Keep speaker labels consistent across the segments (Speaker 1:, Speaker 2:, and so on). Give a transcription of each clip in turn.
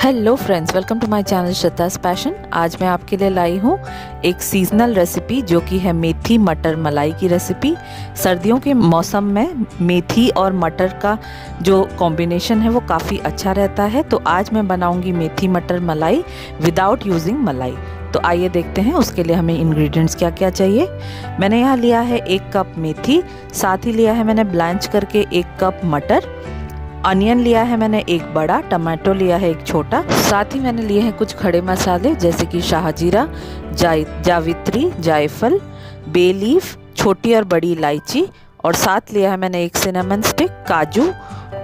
Speaker 1: hello friends welcome to my channel Shraddha passion आज मैं आपके लिए लाई हूँ एक सीजनल रेसिपी जो कि है मेथी मटर मलाई की रेसिपी सर्दियों के मौसम में मेथी और मटर का जो कॉम्बिनेशन है वो काफ़ी अच्छा रहता है तो आज मैं बनाऊँगी मेथी मटर मलाई विदाउट यूजिंग मलाई तो आइए देखते हैं उसके लिए हमें इंग्रेडिएंट्स क्या क्या चाहिए मैंने यहाँ लिया है एक कप मेथी साथ ही लिया है मैंने ब्लांच करके एक कप मटर अनियन लिया है मैंने एक बड़ा टमाटो लिया है एक छोटा साथ ही मैंने लिए हैं कुछ खड़े मसाले जैसे कि शाहजीरा जाय जावित्री जायफल बेलीफ छोटी और बड़ी इलायची और साथ लिया है मैंने एक सिनेमन स्टिक काजू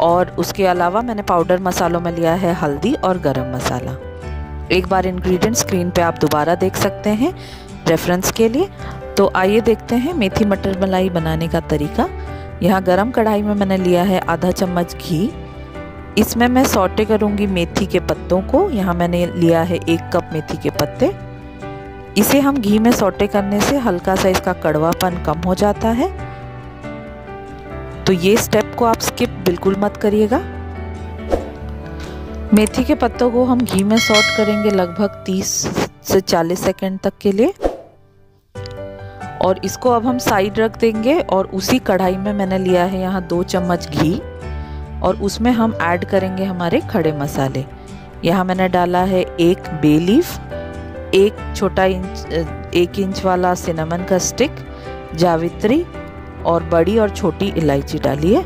Speaker 1: और उसके अलावा मैंने पाउडर मसालों में लिया है हल्दी और गरम मसाला एक बार इंग्रेडिएंट स्क्रीन पे आप दोबारा देख सकते हैं रेफरेंस के लिए तो आइए देखते हैं मेथी मटर मलाई बनाने का तरीका यहाँ गरम कढ़ाई में मैंने लिया है आधा चम्मच घी इसमें मैं सौटे करूँगी मेथी के पत्तों को यहाँ मैंने लिया है एक कप मेथी के पत्ते इसे हम घी में सौटे करने से हल्का सा इसका कड़वापन कम हो जाता है तो ये स्टेप को आप स्किप बिल्कुल मत करिएगा मेथी के पत्तों को हम घी में सॉट करेंगे लगभग 30 से 40 सेकंड तक के लिए और इसको अब हम साइड रख देंगे और उसी कढ़ाई में मैंने लिया है यहाँ दो चम्मच घी और उसमें हम ऐड करेंगे हमारे खड़े मसाले यहाँ मैंने डाला है एक बे लीफ एक छोटा इंच एक इंच वाला सिनेमन का स्टिक जावित्री और बड़ी और छोटी इलायची डाली है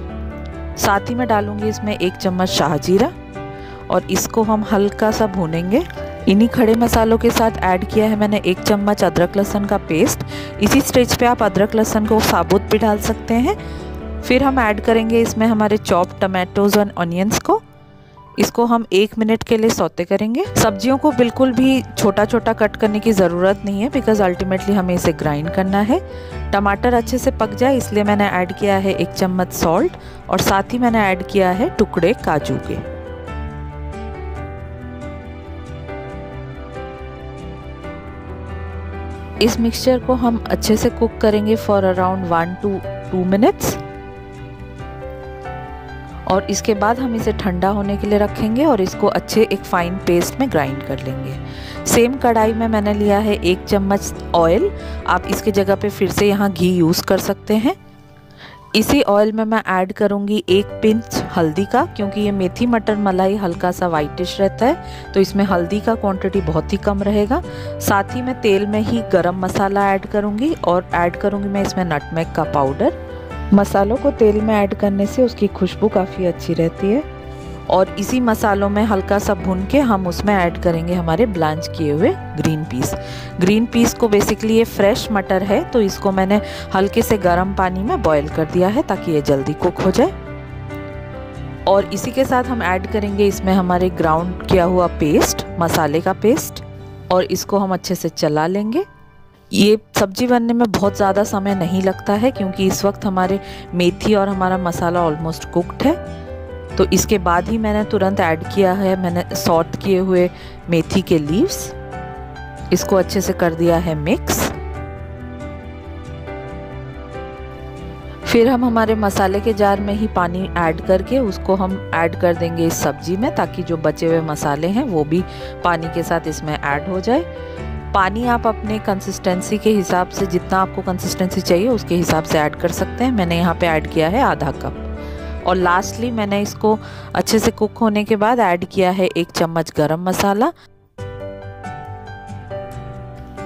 Speaker 1: साथ ही मैं डालूंगी इसमें एक चम्मच शाहजीरा और इसको हम हल्का सा भूनेंगे इन्हीं खड़े मसालों के साथ ऐड किया है मैंने एक चम्मच अदरक लहसन का पेस्ट इसी स्टेज पे आप अदरक लहसन को साबुत भी डाल सकते हैं फिर हम ऐड करेंगे इसमें हमारे चॉप टमाटोज़ और ऑनियंस को इसको हम एक मिनट के लिए सौते करेंगे सब्जियों को बिल्कुल भी छोटा छोटा कट करने की ज़रूरत नहीं है बिकॉज अल्टीमेटली हमें इसे ग्राइंड करना है टमाटर अच्छे से पक जाए इसलिए मैंने ऐड किया है एक चम्मच सॉल्ट और साथ ही मैंने ऐड किया है टुकड़े काजू के इस मिक्सचर को हम अच्छे से कुक करेंगे for around one to two minutes और इसके बाद हम इसे ठंडा होने के लिए रखेंगे और इसको अच्छे एक फाइन पेस्ट में ग्राइंड कर लेंगे सेम कढ़ाई में मैंने लिया है एक चम्मच ऑयल आप इसके जगह पे फिर से यहाँ घी यूज़ कर सकते हैं इसी ऑयल में मैं ऐड करूँगी एक पिंच हल्दी का क्योंकि ये मेथी मटर मलाई हल्का सा वाइटिश रहता है तो इसमें हल्दी का क्वांटिटी बहुत ही कम रहेगा साथ ही मैं तेल में ही गरम मसाला ऐड करूँगी और ऐड करूँगी मैं इसमें नटमेग का पाउडर मसालों को तेल में ऐड करने से उसकी खुशबू काफ़ी अच्छी रहती है और इसी मसालों में हल्का सा भून के हम उसमें ऐड करेंगे हमारे ब्लांच किए हुए ग्रीन पीस ग्रीन पीस को बेसिकली ये फ्रेश मटर है तो इसको मैंने हल्के से गर्म पानी में बॉईल कर दिया है ताकि ये जल्दी कुक हो जाए और इसी के साथ हम ऐड करेंगे इसमें हमारे ग्राउंड किया हुआ पेस्ट मसाले का पेस्ट और इसको हम अच्छे से चला लेंगे ये सब्जी बनने में बहुत ज़्यादा समय नहीं लगता है क्योंकि इस वक्त हमारे मेथी और हमारा मसाला ऑलमोस्ट कुकड है तो इसके बाद ही मैंने तुरंत ऐड किया है मैंने सॉर्ट किए हुए मेथी के लीव्स इसको अच्छे से कर दिया है मिक्स फिर हम हमारे मसाले के जार में ही पानी ऐड करके उसको हम ऐड कर देंगे इस सब्जी में ताकि जो बचे हुए मसाले हैं वो भी पानी के साथ इसमें ऐड हो जाए पानी आप अपने कंसिस्टेंसी के हिसाब से जितना आपको कंसिस्टेंसी चाहिए उसके हिसाब से ऐड कर सकते हैं मैंने यहाँ पे ऐड किया है आधा कप और लास्टली मैंने इसको अच्छे से कुक होने के बाद ऐड किया है एक चम्मच गरम मसाला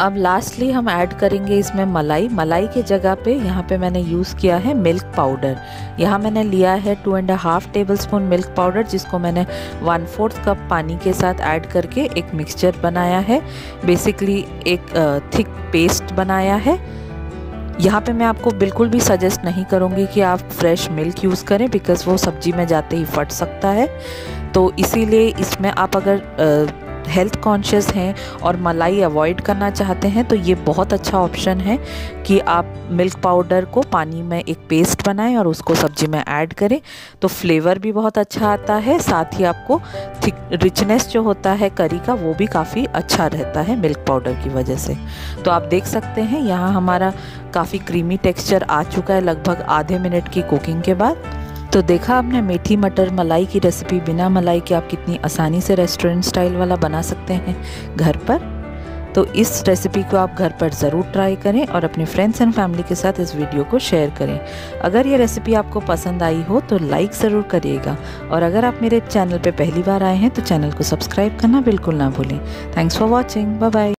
Speaker 1: अब लास्टली हम ऐड करेंगे इसमें मलाई मलाई के जगह पे यहाँ पे मैंने यूज़ किया है मिल्क पाउडर यहाँ मैंने लिया है two and half tablespoon milk powder जिसको मैंने वन फोर्थ कप पानी के साथ ऐड करके एक मिक्सचर बनाया है बेसिकली एक थिक पेस्ट बनाया है यहाँ पे मैं आपको बिल्कुल भी सजेस्ट नहीं करूँगी कि आप फ्रेश मिल्क यूज़ करें बिकॉज़ वो सब्जी में जाते ही फट सकता है तो इसीलिए इसमें आप अगर हेल्थ कॉन्शियस हैं और मलाई अवॉइड करना चाहते हैं तो ये बहुत अच्छा ऑप्शन है कि आप मिल्क पाउडर को पानी में एक पेस्ट बनाएं और उसको सब्जी में ऐड करें तो फ्लेवर भी बहुत अच्छा आता है साथ ही आपको थिक रिचनेस जो होता है करी का वो भी काफ़ी अच्छा रहता है मिल्क पाउडर की वजह से तो आप देख सकते हैं यहाँ हमारा काफ़ी क्रीमी टेक्स्चर आ चुका है लगभग आधे मिनट की कुकिंग के बाद तो देखा आपने मीठी मटर मलाई की रेसिपी बिना मलाई के आप कितनी आसानी से रेस्टोरेंट स्टाइल वाला बना सकते हैं घर पर तो इस रेसिपी को आप घर पर ज़रूर ट्राई करें और अपने फ्रेंड्स एंड फैमिली के साथ इस वीडियो को शेयर करें अगर ये रेसिपी आपको पसंद आई हो तो लाइक ज़रूर करिएगा और अगर आप मेरे चैनल पर पहली बार आए हैं तो चैनल को सब्सक्राइब करना बिल्कुल ना भूलें thanks for watching bye bye